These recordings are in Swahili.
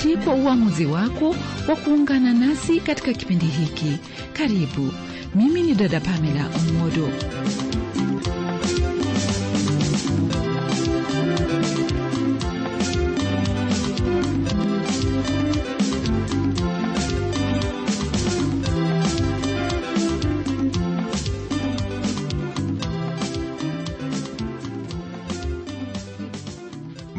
asante kwa uamuzi wako wa kuungana nasi katika kipindi hiki. Karibu. Mimi ni dada Pamela Omodo.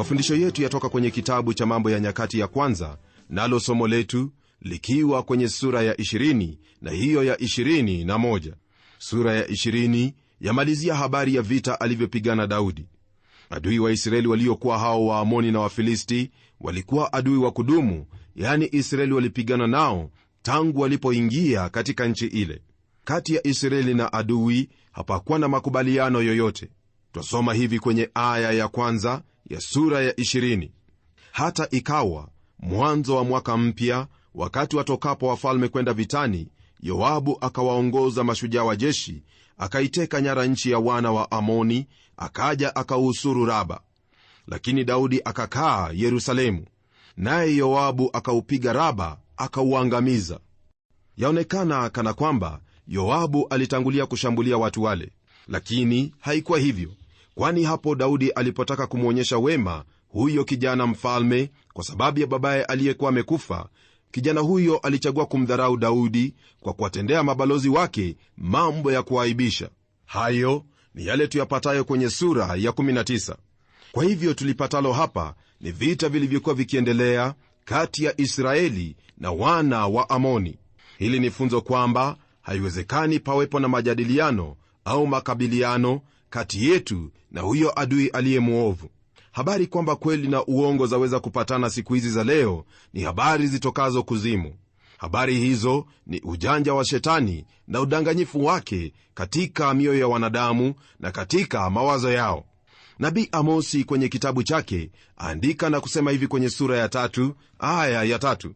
mafundisho yetu yatoka kwenye kitabu cha mambo ya nyakati ya kwanza nalo somo letu likiwa kwenye sura ya 20 na hiyo ya 21 sura ya 20 yamalizia habari ya vita alivyopigana daudi adui wa israeli waliokuwa hao waamoni na wafilisti walikuwa adui wa kudumu yani israeli walipigana nao tangu walipoingia katika nchi ile kati ya israeli na adui hapakuwa na makubaliano yoyote twasoma hivi kwenye aya ya kwanza ya sura ya 20 hata ikawa mwanzo wa mwaka mpya wakati watokapo wafalme kwenda vitani yoabu akawaongoza mashujaa wa jeshi akaiteka nyara nchi ya wana wa amoni akaja akauhusuru raba lakini daudi akakaa yerusalemu naye yoabu akaupiga raba akauangamiza yaonekana kana kwamba yoabu alitangulia kushambulia watu wale lakini haikuwa hivyo kwani hapo daudi alipotaka kumwonyesha wema huyo kijana mfalme kwa sababu ya babaye aliyekuwa amekufa kijana huyo alichagua kumdharau daudi kwa kuwatendea mabalozi wake mambo ya kuwaaibisha hayo ni yale tuyapatayo kwenye sura ya 19 kwa hivyo tulipatalo hapa ni vita vilivyokuwa vikiendelea kati ya israeli na wana wa amoni hili ni funzo kwamba haiwezekani pawepo na majadiliano au makabiliano kati yetu na huyo adui aliye mwovu habari kwamba kweli na uongo zaweza kupatana siku hizi za leo ni habari zitokazo kuzimu habari hizo ni ujanja wa shetani na udanganyifu wake katika mioyo ya wanadamu na katika mawazo yao nabii amosi kwenye kitabu chake aandika na kusema hivi kwenye sura ya tatu aya ya tatu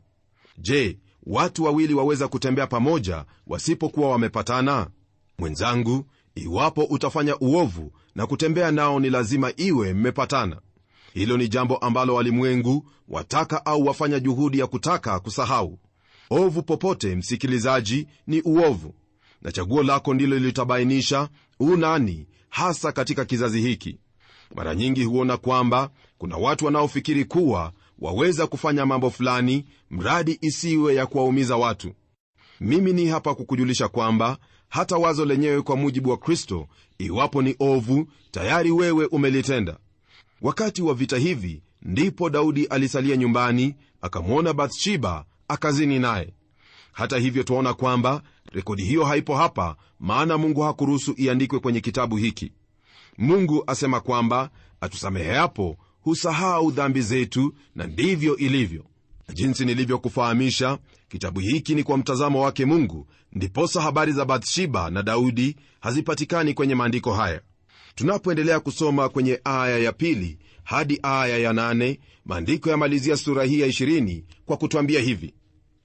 je watu wawili waweza kutembea pamoja wasipokuwa wamepatana mwenzangu iwapo utafanya uovu na kutembea nao ni lazima iwe mmepatana hilo ni jambo ambalo walimwengu wataka au wafanya juhudi ya kutaka kusahau ovu popote msikilizaji ni uovu na chaguo lako ndilo litabainisha u nani hasa katika kizazi hiki mara nyingi huona kwamba kuna watu wanaofikiri kuwa waweza kufanya mambo fulani mradi isiwe ya kuwaumiza watu mimi ni hapa kukujulisha kwamba hata wazo lenyewe kwa mujibu wa kristo iwapo ni ovu tayari wewe umelitenda wakati wa vita hivi ndipo daudi alisalia nyumbani akamwona bathsheba akazini naye hata hivyo twaona kwamba rekodi hiyo haipo hapa maana mungu hakuruhusu iandikwe kwenye kitabu hiki mungu asema kwamba atusameheapo husahau dhambi zetu na ndivyo ilivyo jinsi nilivyokufahamisha kitabu hiki ni kwa mtazamo wake mungu ndiposa habari za bathsheba na daudi hazipatikani kwenye maandiko haya tunapoendelea kusoma kwenye aya ya pili hadi aya ya nane maandiko yamalizia sura hii ya ishirini kwa kutwambia hivi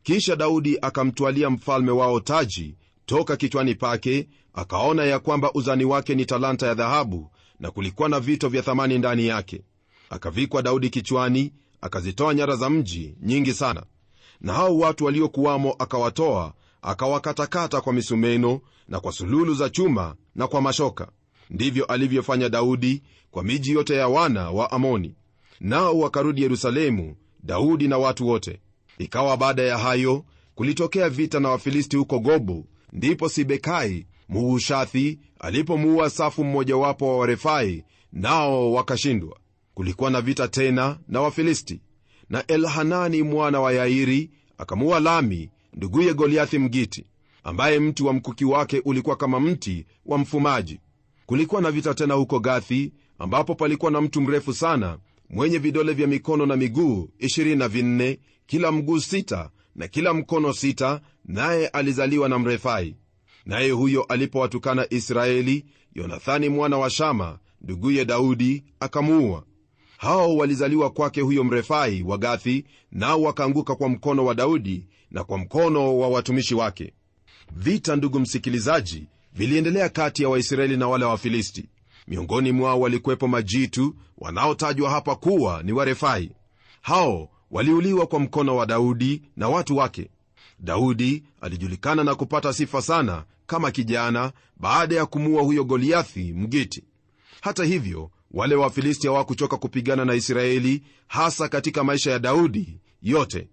kisha daudi akamtwalia mfalme wao taji toka kichwani pake akaona ya kwamba uzani wake ni talanta ya dhahabu na kulikuwa na vito vya thamani ndani yake akavikwa daudi kichwani akazitoa nyara za mji nyingi sana na hao watu waliokuwamo akawatoa akawakatakata kwa misumeno na kwa sululu za chuma na kwa mashoka ndivyo alivyofanya daudi kwa miji yote ya wana wa amoni nao wakarudi yerusalemu daudi na watu wote ikawa baada ya hayo kulitokea vita na wafilisti huko gobu ndipo sibekai muhushathi alipomuua safu mmojawapo wa warefai nao wakashindwa kulikuwa na vita tena na wafilisti na Elhanani mwana wa Yairi akamuua Lami nduguye Goliathi Mgiti, ambaye mti wa mkuki wake ulikuwa kama mti wa mfumaji. Kulikuwa na vita tena huko Gathi, ambapo palikuwa na mtu mrefu sana mwenye vidole vya mikono na miguu ishirini na vinne, kila mguu sita na kila mkono sita, naye alizaliwa na Mrefai. Naye huyo alipowatukana Israeli, Yonathani mwana wa Shama nduguye Daudi akamuua hao walizaliwa kwake huyo mrefai wa Gathi, nao wakaanguka kwa mkono wa Daudi na kwa mkono wa watumishi wake. Vita, ndugu msikilizaji, viliendelea kati ya Waisraeli na wale Wafilisti. Miongoni mwao walikuwepo majitu wanaotajwa hapa kuwa ni Warefai. Hao waliuliwa kwa mkono wa Daudi na watu wake. Daudi alijulikana na kupata sifa sana kama kijana baada ya kumuua huyo Goliathi Mgiti. Hata hivyo wale wafilisti hawakuchoka kupigana na israeli hasa katika maisha ya daudi yote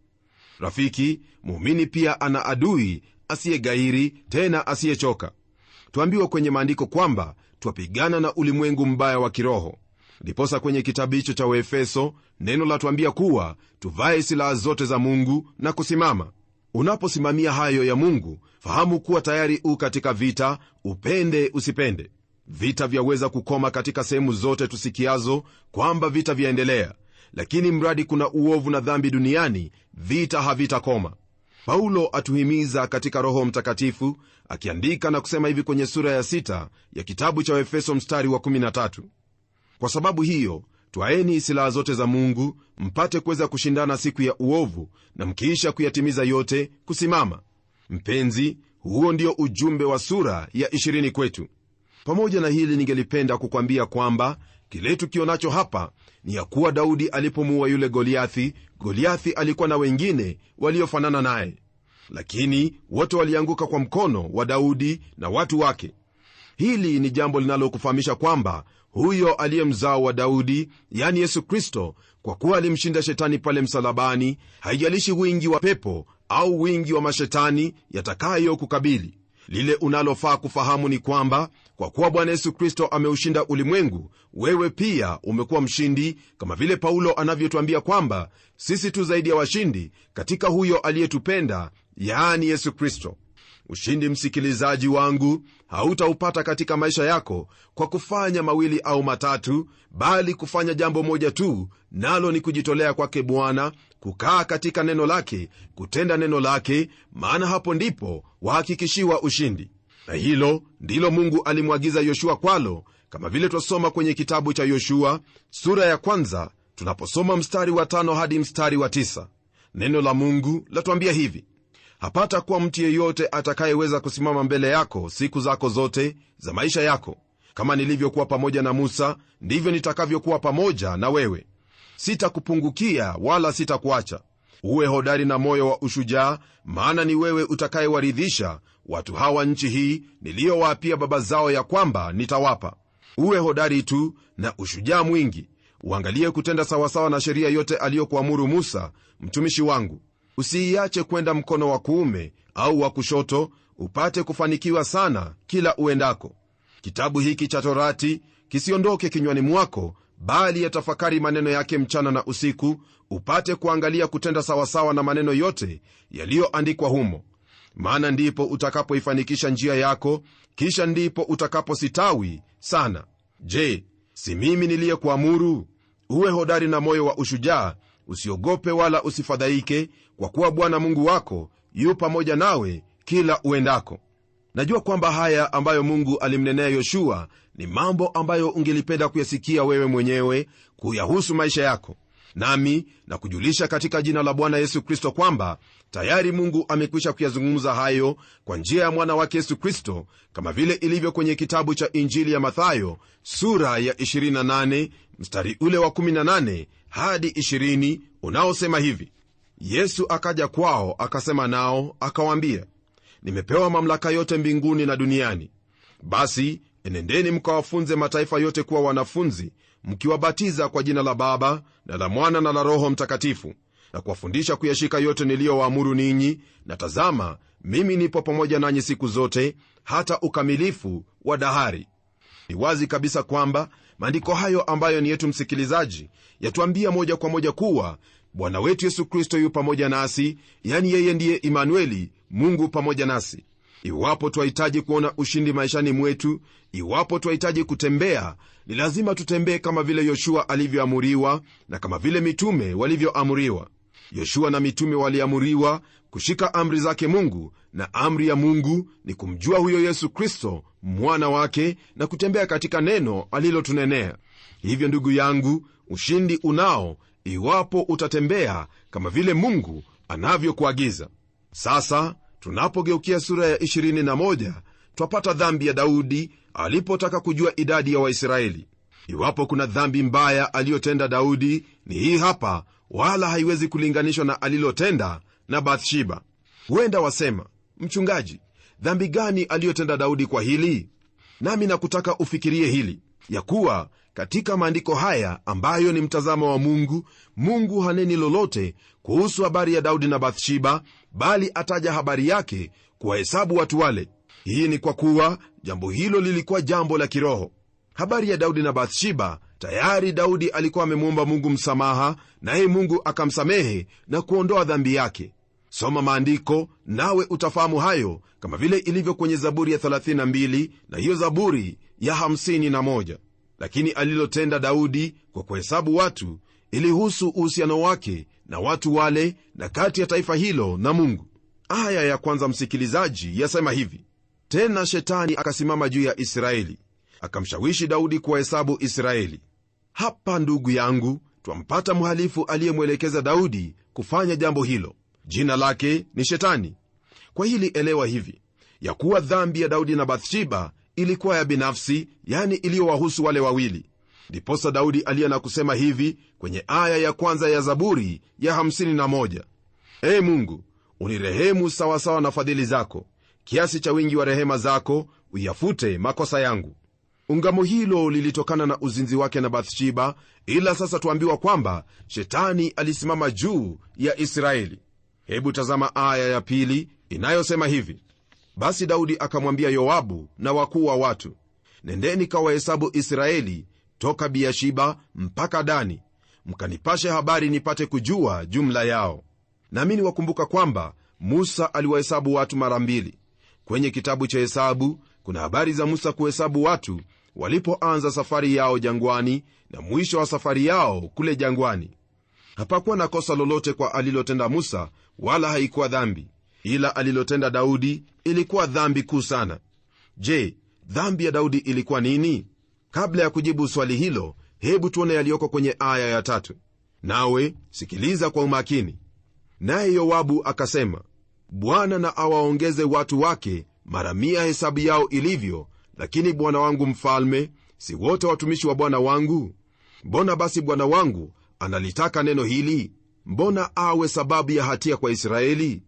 rafiki muumini pia ana adui asiyegairi tena asiyechoka twambiwa kwenye maandiko kwamba twapigana na ulimwengu mbaya wa kiroho ndiposa kwenye kitabu hicho cha waefeso neno la twambia kuwa tuvae silaha zote za mungu na kusimama unaposimamia hayo ya mungu fahamu kuwa tayari u katika vita upende usipende Vita vyaweza kukoma katika sehemu zote tusikiazo kwamba vita vyaendelea, lakini mradi kuna uovu na dhambi duniani, vita havitakoma. Paulo atuhimiza katika Roho Mtakatifu akiandika na kusema hivi kwenye sura ya sita ya kitabu cha efeso mstari wa 13: kwa sababu hiyo twaeni silaha zote za Mungu mpate kuweza kushindana siku ya uovu, na mkiisha kuyatimiza yote kusimama. Mpenzi, huo ndio ujumbe wa sura ya 20 kwetu pamoja na hili ningelipenda kukwambia kwamba kile tukionacho hapa ni ya kuwa daudi alipomuua yule goliathi goliathi alikuwa na wengine waliofanana naye lakini wote walianguka kwa mkono wa daudi na watu wake hili ni jambo linalokufahamisha kwamba huyo aliye mzao wa daudi yani yesu kristo kwa kuwa alimshinda shetani pale msalabani haijalishi wingi wa pepo au wingi wa mashetani yatakayokukabili lile unalofaa kufahamu ni kwamba kwa kuwa bwana yesu kristo ameushinda ulimwengu wewe pia umekuwa mshindi kama vile paulo anavyotwambia kwamba sisi tu zaidi ya washindi katika huyo aliyetupenda yaani yesu kristo ushindi msikilizaji wangu hautaupata katika maisha yako kwa kufanya mawili au matatu bali kufanya jambo moja tu nalo ni kujitolea kwake bwana kukaa katika neno lake kutenda neno lake maana hapo ndipo wahakikishiwa ushindi na hilo ndilo mungu alimwagiza yoshua kwalo kama vile twasoma kwenye kitabu cha yoshua sura ya kwanza tunaposoma mstari wa tano hadi mstari wa tisa neno la mungu latwambia hivi hapata kuwa mtu yeyote atakayeweza kusimama mbele yako siku zako zote za maisha yako kama nilivyokuwa pamoja na musa ndivyo nitakavyokuwa pamoja na wewe sitakupungukia wala sitakuacha uwe hodari na moyo wa ushujaa maana ni wewe utakayewaridhisha watu hawa nchi hii niliyowaapia baba zao ya kwamba nitawapa uwe hodari tu na ushujaa mwingi uangalie kutenda sawasawa na sheria yote aliyokuamuru musa mtumishi wangu usiiache kwenda mkono wa kuume au wa kushoto upate kufanikiwa sana kila uendako kitabu hiki cha torati kisiondoke kinywani mwako bali yatafakari maneno yake mchana na usiku upate kuangalia kutenda sawasawa na maneno yote yaliyoandikwa humo maana ndipo utakapoifanikisha njia yako kisha ndipo utakapositawi sana je si mimi niliyekuamuru uwe hodari na moyo wa ushujaa usiogope wala usifadhaike kwa kuwa bwana mungu wako yu pamoja nawe kila uendako najua kwamba haya ambayo mungu alimnenea yoshua ni mambo ambayo ungelipenda kuyasikia wewe mwenyewe kuyahusu maisha yako nami na kujulisha katika jina la bwana yesu kristo kwamba tayari mungu amekwisha kuyazungumza hayo kwa njia ya mwana wake yesu kristo kama vile ilivyo kwenye kitabu cha injili ya mathayo sura ya 28 mstari ule wa 18 hadi 20 unaosema hivi yesu akaja kwao akasema nao akawaambia nimepewa mamlaka yote mbinguni na duniani basi enendeni mkawafunze mataifa yote kuwa wanafunzi mkiwabatiza kwa jina la baba na la mwana na la roho mtakatifu na kuwafundisha kuyashika yote niliyowaamuru ninyi na tazama mimi nipo pamoja nanyi siku zote hata ukamilifu wa dahari ni wazi kabisa kwamba maandiko hayo ambayo ni yetu msikilizaji yatuambia moja kwa moja kuwa bwana wetu yesu kristo yu pamoja nasi yani yeye ndiye imanueli mungu pamoja nasi iwapo twahitaji kuona ushindi maishani mwetu iwapo twahitaji kutembea ni lazima tutembee kama vile yoshua alivyoamuriwa na kama vile mitume walivyoamuriwa yoshua na mitume waliamuriwa kushika amri zake mungu na amri ya mungu ni kumjua huyo yesu kristo mwana wake na kutembea katika neno alilotunenea hivyo ndugu yangu ushindi unao iwapo utatembea kama vile mungu anavyokuagiza sasa tunapogeukia sura ya 21 twapata dhambi ya daudi alipotaka kujua idadi ya waisraeli iwapo kuna dhambi mbaya aliyotenda daudi ni hii hapa wala haiwezi kulinganishwa na alilotenda na bathsheba huenda wasema mchungaji dhambi gani aliyotenda daudi kwa hili nami nakutaka ufikirie hili ya kuwa katika maandiko haya ambayo ni mtazamo wa mungu mungu haneni lolote kuhusu habari ya daudi na bathsheba bali ataja habari yake kuwahesabu watu wale hii ni kwa kuwa jambo hilo lilikuwa jambo la kiroho habari ya daudi na bathsheba tayari daudi alikuwa amemwomba mungu msamaha naye mungu akamsamehe na kuondoa dhambi yake soma maandiko nawe utafahamu hayo kama vile ilivyo kwenye zaburi ya 32 na hiyo zaburi ya 51 lakini alilotenda daudi kwa kuhesabu watu ilihusu uhusiano wake na watu wale na kati ya taifa hilo na Mungu. Aya ya kwanza, msikilizaji, yasema hivi: tena shetani akasimama juu ya Israeli akamshawishi Daudi kuwahesabu Israeli. Hapa ndugu yangu, twampata mhalifu aliyemwelekeza Daudi kufanya jambo hilo. Jina lake ni Shetani. Kwa hili elewa hivi ya kuwa dhambi ya Daudi na Bathsheba ilikuwa ya binafsi, yani iliyowahusu wale wawili ndiposa daudi aliye na kusema hivi kwenye aya ya kwanza ya zaburi ya 51 e ee mungu unirehemu sawasawa na fadhili zako kiasi cha wingi wa rehema zako uyafute makosa yangu ungamo hilo lilitokana na uzinzi wake na bathsheba ila sasa tuambiwa kwamba shetani alisimama juu ya israeli hebu tazama aya ya pili inayosema hivi basi daudi akamwambia yoabu na wakuu wa watu nendeni kawahesabu israeli toka Biashiba mpaka Dani, mkanipashe habari nipate kujua jumla yao. Nami niwakumbuka kwamba Musa aliwahesabu watu mara mbili. Kwenye kitabu cha Hesabu kuna habari za Musa kuhesabu watu walipoanza safari yao jangwani na mwisho wa safari yao kule jangwani. Hapakuwa na kosa lolote kwa alilotenda Musa, wala haikuwa dhambi, ila alilotenda Daudi ilikuwa dhambi kuu sana. Je, dhambi ya Daudi ilikuwa nini? kabla ya kujibu swali hilo hebu tuone yaliyoko kwenye aya ya tatu nawe sikiliza kwa umakini naye yoabu akasema bwana na awaongeze watu wake mara mia hesabu yao ilivyo lakini bwana wangu mfalme si wote watumishi wa bwana wangu mbona basi bwana wangu analitaka neno hili mbona awe sababu ya hatia kwa israeli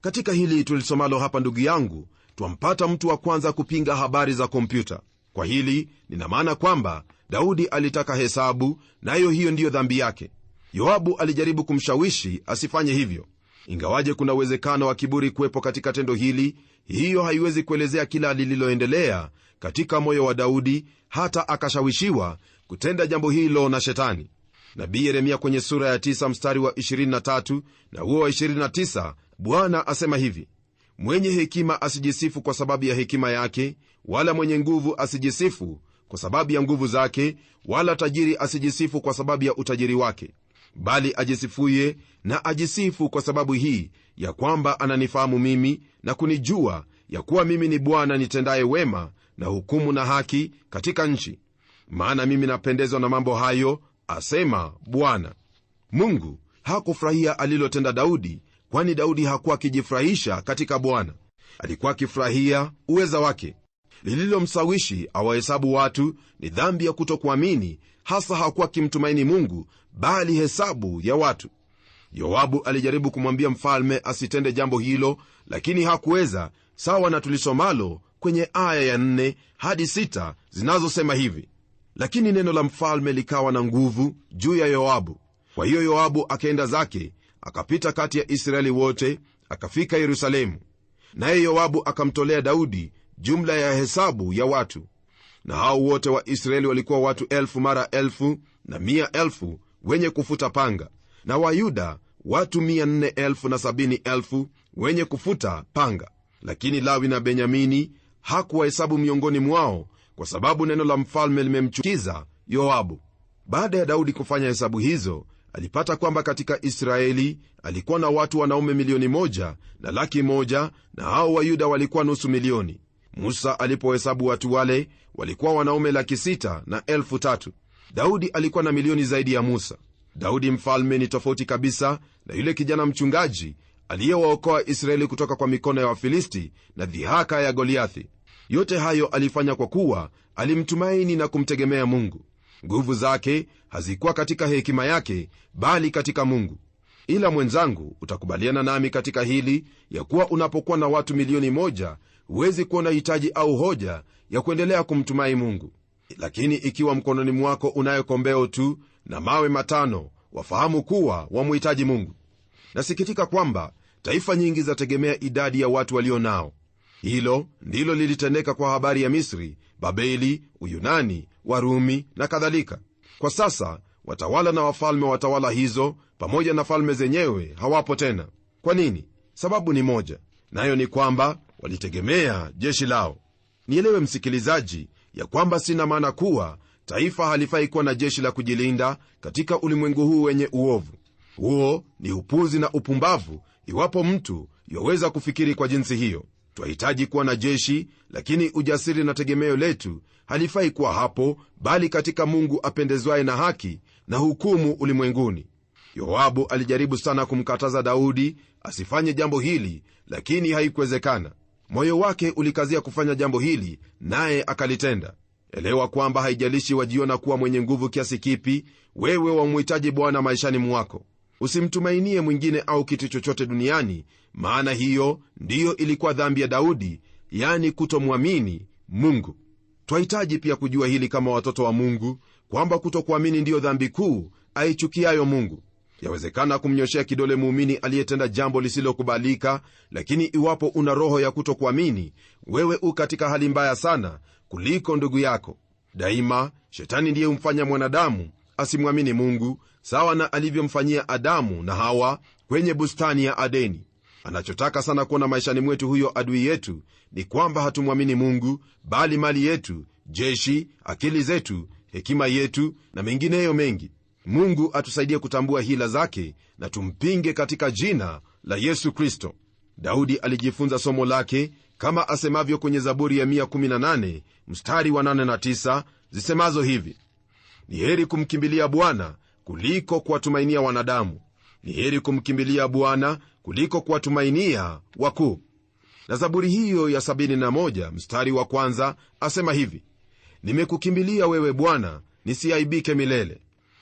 katika hili tulisomalo hapa ndugu yangu twampata mtu wa kwanza kupinga habari za kompyuta kwa hili nina maana kwamba Daudi alitaka hesabu, nayo hiyo ndiyo dhambi yake. Yoabu alijaribu kumshawishi asifanye hivyo, ingawaje kuna uwezekano wa kiburi kuwepo katika tendo hili. Hiyo haiwezi kuelezea kila lililoendelea katika moyo wa Daudi, hata akashawishiwa kutenda jambo hilo na Shetani. Nabii Yeremia kwenye sura ya 9 mstari wa 23 na huo wa 29, Bwana asema hivi: mwenye hekima asijisifu kwa sababu ya hekima yake wala mwenye nguvu asijisifu kwa sababu ya nguvu zake wala tajiri asijisifu kwa sababu ya utajiri wake bali ajisifuye na ajisifu kwa sababu hii ya kwamba ananifahamu mimi na kunijua ya kuwa mimi ni bwana nitendaye wema na hukumu na haki katika nchi maana mimi napendezwa na mambo hayo asema bwana mungu hakufurahia alilotenda daudi kwani daudi hakuwa akijifurahisha katika bwana alikuwa akifurahia uweza wake lililomsawishi awahesabu watu ni dhambi ya kutokuamini hasa hakuwa akimtumaini mungu bali hesabu ya watu yoabu alijaribu kumwambia mfalme asitende jambo hilo lakini hakuweza sawa na tulisomalo kwenye aya ya 4 hadi 6 zinazosema hivi lakini neno la mfalme likawa na nguvu juu ya yoabu kwa hiyo yoabu akaenda zake akapita kati ya israeli wote akafika yerusalemu naye yoabu akamtolea daudi jumla ya hesabu ya watu na hao wote wa israeli walikuwa watu elfu mara elfu na mia elfu wenye kufuta panga na wayuda watu mia nne elfu na sabini elfu wenye kufuta panga lakini lawi na benyamini hakuwahesabu miongoni mwao kwa sababu neno la mfalme limemchukiza yoabu baada ya daudi kufanya hesabu hizo alipata kwamba katika israeli alikuwa na watu wanaume milioni moja na laki moja na hao wayuda walikuwa nusu milioni musa alipohesabu watu wale walikuwa wanaume laki sita na elfu tatu daudi alikuwa na milioni zaidi ya musa daudi mfalme ni tofauti kabisa na yule kijana mchungaji aliyewaokoa israeli kutoka kwa mikono ya wafilisti na dhihaka ya goliathi yote hayo alifanya kwa kuwa alimtumaini na kumtegemea mungu nguvu zake hazikuwa katika hekima yake bali katika mungu ila mwenzangu utakubaliana nami katika hili ya kuwa unapokuwa na watu milioni moja huwezi kuona hitaji au hoja ya kuendelea kumtumai mungu lakini ikiwa mkononi mwako unayo kombeo tu na mawe matano wafahamu kuwa wamuhitaji mungu nasikitika kwamba taifa nyingi zategemea idadi ya watu walio nao hilo ndilo lilitendeka kwa habari ya misri babeli uyunani warumi na kadhalika kwa sasa watawala na wafalme wa tawala hizo pamoja na falme zenyewe hawapo tena kwa nini sababu ni moja nayo ni kwamba walitegemea jeshi lao nielewe msikilizaji ya kwamba sina maana kuwa taifa halifai kuwa na jeshi la kujilinda katika ulimwengu huu wenye uovu huo ni upuzi na upumbavu iwapo mtu yaweza kufikiri kwa jinsi hiyo twahitaji kuwa na jeshi lakini ujasiri na tegemeo letu halifai kuwa hapo bali katika mungu apendezwaye na haki na hukumu ulimwenguni yoabu alijaribu sana kumkataza daudi asifanye jambo hili lakini haikuwezekana moyo wake ulikazia kufanya jambo hili naye akalitenda elewa kwamba haijalishi wajiona kuwa mwenye nguvu kiasi kipi wewe wamhitaji bwana maishani mwako usimtumainie mwingine au kitu chochote duniani maana hiyo ndiyo ilikuwa dhambi ya daudi yani kutomwamini mungu twahitaji pia kujua hili kama watoto wa mungu kwamba kutokuamini ndiyo dhambi kuu aichukiayo mungu yawezekana kumnyoshea kidole muumini aliyetenda jambo lisilokubalika lakini iwapo una roho ya kutokuamini wewe u katika hali mbaya sana kuliko ndugu yako daima shetani ndiye humfanya mwanadamu asimwamini mungu sawa na alivyomfanyia adamu na hawa kwenye bustani ya adeni Anachotaka sana kuona maishani mwetu huyo adui yetu ni kwamba hatumwamini Mungu, bali mali yetu, jeshi, akili zetu, hekima yetu na mengineyo mengi. Mungu atusaidie kutambua hila zake na tumpinge katika jina la Yesu Kristo. Daudi alijifunza somo lake kama asemavyo kwenye Zaburi ya 118 mstari wa 8 na 9 zisemazo hivi: ni heri kumkimbilia Bwana kuliko kuwatumainia wanadamu, ni heri kumkimbilia Bwana kuliko kuwatumainia wakuu. Na Zaburi hiyo ya 71 mstari wa kwanza asema hivi: nimekukimbilia wewe Bwana, nisiaibike milele.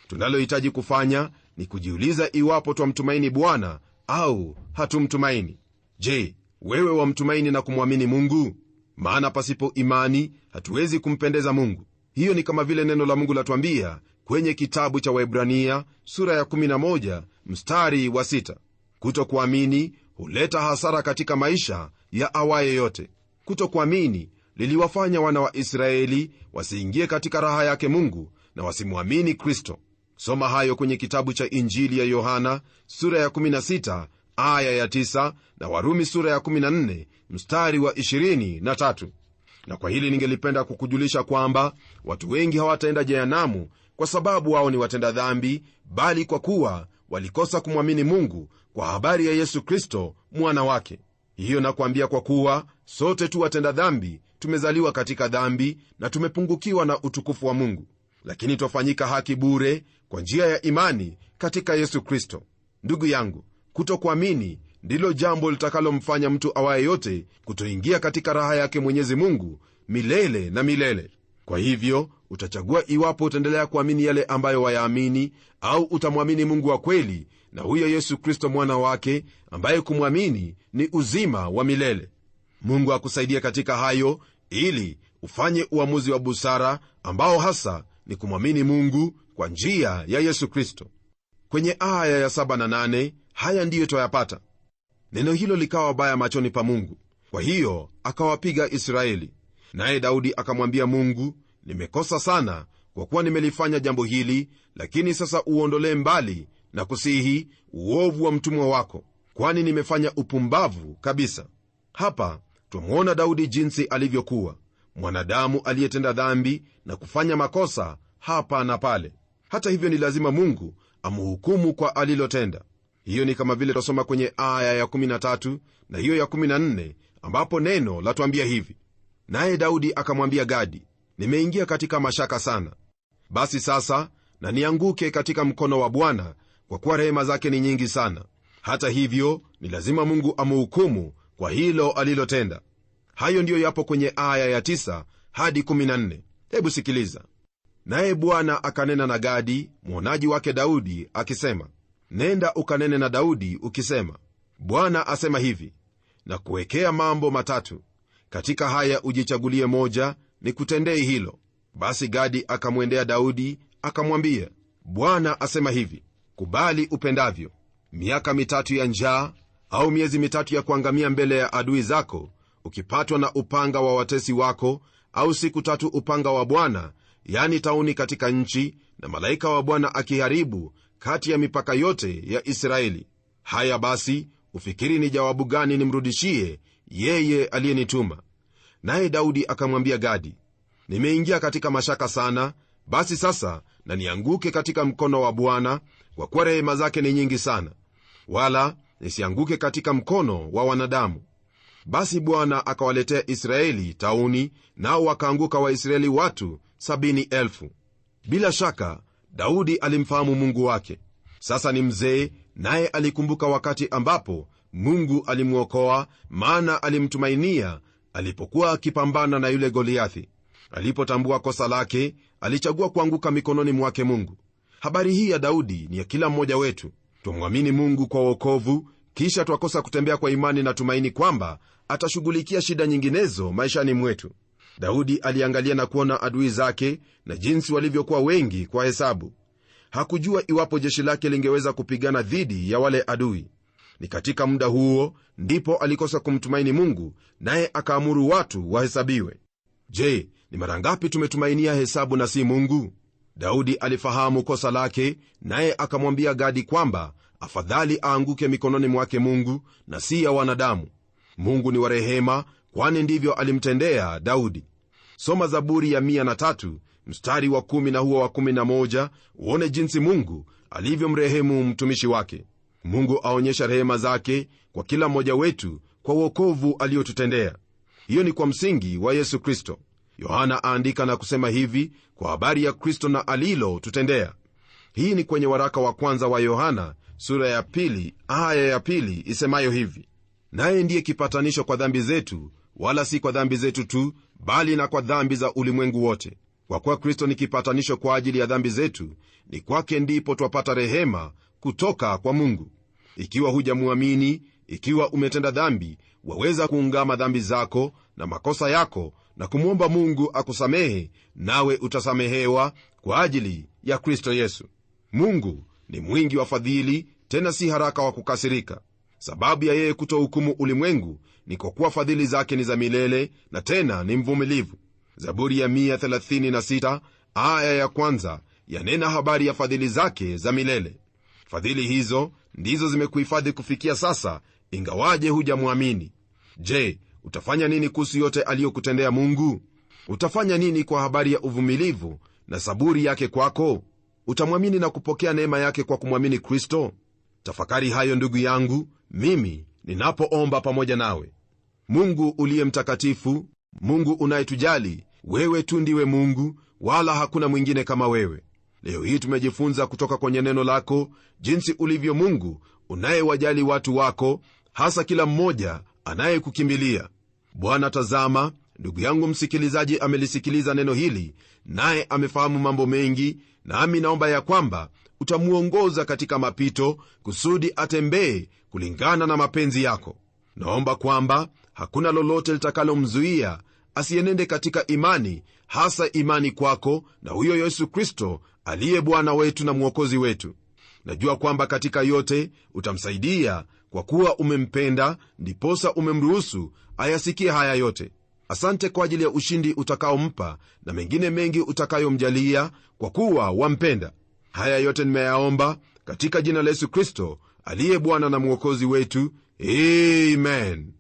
Tunalohitaji kufanya ni kujiuliza iwapo twamtumaini Bwana au hatumtumaini. Je, wewe wamtumaini na kumwamini Mungu? Maana pasipo imani hatuwezi kumpendeza Mungu. Hiyo ni kama vile neno la Mungu latwambia kwenye kitabu cha waibrania sura ya 11 mstari wa sita. Kutokuamini huleta hasara katika maisha ya awaye yote. Kutokuamini liliwafanya wana wa Israeli wasiingie katika raha yake Mungu na wasimwamini Kristo. Soma hayo kwenye kitabu cha Injili ya Yohana sura ya 16 aya ya 9 na Warumi sura ya 14 mstari wa 23. Na kwa hili ningelipenda kukujulisha kwamba watu wengi hawataenda jehanamu kwa sababu wao ni watenda dhambi, bali kwa kuwa walikosa kumwamini mungu kwa habari ya yesu kristo mwana wake hiyo nakuambia kwa kuwa sote tu watenda dhambi tumezaliwa katika dhambi na tumepungukiwa na utukufu wa mungu lakini twafanyika haki bure kwa njia ya imani katika yesu kristo ndugu yangu kutokuamini ndilo jambo litakalomfanya mtu awaye yote kutoingia katika raha yake mwenyezi mungu milele na milele kwa hivyo utachagua iwapo utaendelea kuamini yale ambayo wayaamini au utamwamini mungu wa kweli na huyo yesu kristo mwana wake ambaye kumwamini ni uzima wa milele mungu akusaidia katika hayo ili ufanye uamuzi wa busara ambao hasa ni kumwamini mungu kwa njia ya yesu kristo kwenye aya ya 7 na 8 haya ndiyo twayapata neno hilo likawa baya machoni pa mungu kwa hiyo akawapiga israeli naye daudi akamwambia mungu nimekosa sana kwa kuwa nimelifanya jambo hili lakini sasa uondolee mbali na kusihi uovu wa mtumwa wako kwani nimefanya upumbavu kabisa hapa twamwona daudi jinsi alivyokuwa mwanadamu aliyetenda dhambi na kufanya makosa hapa na pale hata hivyo ni lazima mungu amhukumu kwa alilotenda hiyo ni kama vile twasoma kwenye aya ya13 na hiyo ya14 ambapo neno latwambia hivi naye daudi akamwambia gadi nimeingia katika mashaka sana basi sasa na nianguke katika mkono wa bwana kwa kuwa rehema zake ni nyingi sana hata hivyo ni lazima mungu amuhukumu kwa hilo alilotenda hayo ndiyo yapo kwenye aya ya 9 hadi 14 hebu sikiliza naye bwana akanena na gadi mwonaji wake daudi akisema nenda ukanene na daudi ukisema bwana asema hivi na kuwekea mambo matatu katika haya ujichagulie moja nikutendei hilo basi gadi akamwendea daudi akamwambia bwana asema hivi kubali upendavyo miaka mitatu ya njaa au miezi mitatu ya kuangamia mbele ya adui zako ukipatwa na upanga wa watesi wako au siku tatu upanga wa bwana yani tauni katika nchi na malaika wa bwana akiharibu kati ya mipaka yote ya israeli haya basi ufikiri ni jawabu gani nimrudishie yeye aliyenituma naye daudi akamwambia gadi nimeingia katika mashaka sana basi sasa na nianguke katika mkono wa bwana kwa kuwa rehema zake ni nyingi sana wala nisianguke katika mkono wa wanadamu basi bwana akawaletea israeli tauni nao wakaanguka waisraeli watu 7 bila shaka daudi alimfahamu mungu wake sasa ni mzee naye alikumbuka wakati ambapo mungu alimwokoa maana alimtumainia alipokuwa akipambana na yule Goliathi. Alipotambua kosa lake, alichagua kuanguka mikononi mwake Mungu. Habari hii ya Daudi ni ya kila mmoja wetu. Twamwamini Mungu kwa uokovu kisha twakosa kutembea kwa imani na tumaini kwamba atashughulikia shida nyinginezo maishani mwetu. Daudi aliangalia na kuona adui zake na jinsi walivyokuwa wengi kwa hesabu. Hakujua iwapo jeshi lake lingeweza kupigana dhidi ya wale adui ni katika muda huo ndipo alikosa kumtumaini mungu naye akaamuru watu wahesabiwe je ni mara ngapi tumetumainia hesabu na si mungu daudi alifahamu kosa lake naye akamwambia gadi kwamba afadhali aanguke mikononi mwake mungu na si ya wanadamu mungu ni wa rehema kwani ndivyo alimtendea daudi soma zaburi ya 103 mstari wa 1 na huo wa 11 uone jinsi mungu alivyomrehemu mtumishi wake mungu aonyesha rehema zake kwa kila mmoja wetu kwa uokovu aliyotutendea hiyo ni kwa msingi wa yesu kristo yohana aandika na kusema hivi kwa habari ya kristo na alilotutendea hii ni kwenye waraka wa kwanza wa yohana sura ya pili aya ya pili isemayo hivi naye ndiye kipatanisho kwa dhambi zetu wala si kwa dhambi zetu tu bali na kwa dhambi za ulimwengu wote kwa kuwa kristo ni kipatanisho kwa ajili ya dhambi zetu ni kwake ndipo twapata rehema kutoka kwa Mungu. Ikiwa hujamwamini, ikiwa umetenda dhambi, waweza kuungama dhambi zako na makosa yako na kumwomba Mungu akusamehe, nawe utasamehewa kwa ajili ya Kristo Yesu. Mungu ni mwingi wa fadhili, tena si haraka wa kukasirika. Sababu ya yeye kutohukumu ulimwengu ni kwa kuwa fadhili zake ni za milele, na tena ni mvumilivu. Zaburi ya 136 aya ya kwanza yanena habari ya fadhili zake za milele fadhili hizo ndizo zimekuhifadhi kufikia sasa ingawaje hujamwamini je utafanya nini kuhusu yote aliyokutendea mungu utafanya nini kwa habari ya uvumilivu na saburi yake kwako utamwamini na kupokea neema yake kwa kumwamini kristo tafakari hayo ndugu yangu mimi ninapoomba pamoja nawe mungu uliye mtakatifu mungu unayetujali wewe tu ndiwe mungu wala hakuna mwingine kama wewe leo hii tumejifunza kutoka kwenye neno lako jinsi ulivyo mungu unayewajali watu wako hasa kila mmoja anayekukimbilia bwana tazama ndugu yangu msikilizaji amelisikiliza neno hili naye amefahamu mambo mengi nami na naomba ya kwamba utamwongoza katika mapito kusudi atembee kulingana na mapenzi yako naomba kwamba hakuna lolote litakalomzuia asienende katika imani hasa imani kwako na huyo yesu kristo aliye Bwana wetu na Mwokozi wetu. Najua kwamba katika yote utamsaidia, kwa kuwa umempenda, ndiposa umemruhusu ayasikie haya yote. Asante kwa ajili ya ushindi utakaompa na mengine mengi utakayomjalia, kwa kuwa wampenda. Haya yote nimeyaomba katika jina la Yesu Kristo aliye Bwana na Mwokozi wetu, amen.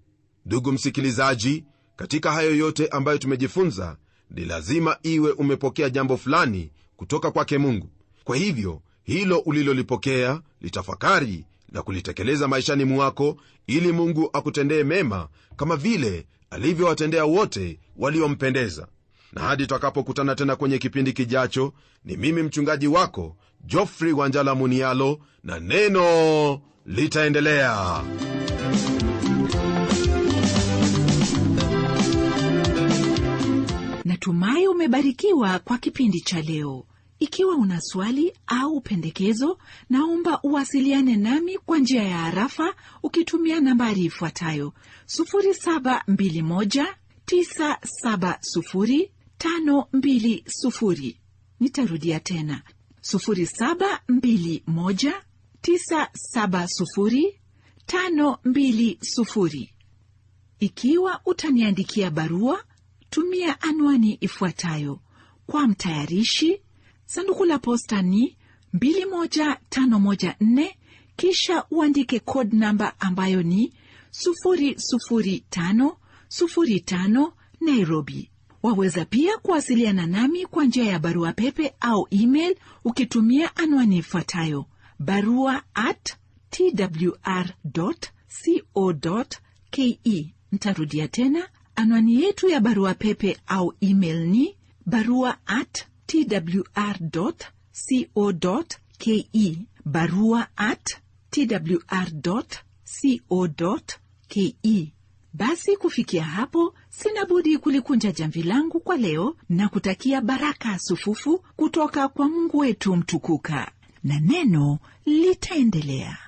Ndugu msikilizaji, katika hayo yote ambayo tumejifunza, ni lazima iwe umepokea jambo fulani kutoka kwake mungu kwa hivyo hilo ulilolipokea litafakari na kulitekeleza maishani mwako ili mungu akutendee mema kama vile alivyowatendea wote waliompendeza na hadi tutakapokutana tena kwenye kipindi kijacho ni mimi mchungaji wako jofri wanjala munialo na neno litaendelea natumai umebarikiwa kwa kipindi cha leo ikiwa una swali au pendekezo, naomba uwasiliane nami kwa njia ya harafa ukitumia nambari ifuatayo 0721970520. Nitarudia tena 0721970520. Ikiwa utaniandikia barua, tumia anwani ifuatayo: kwa mtayarishi Sanduku la posta ni 21514 kisha uandike code namba ambayo ni 00505 Nairobi. Waweza pia kuwasiliana nami kwa njia ya barua pepe au email ukitumia anwani ifuatayo barua at twr.co.ke. Ntarudia tena anwani yetu ya barua pepe au email ni barua at twr.co.ke, barua at twr.co.ke. Basi kufikia hapo, sina budi kulikunja jamvi langu kwa leo na kutakia baraka sufufu kutoka kwa Mungu wetu mtukuka, na neno litaendelea.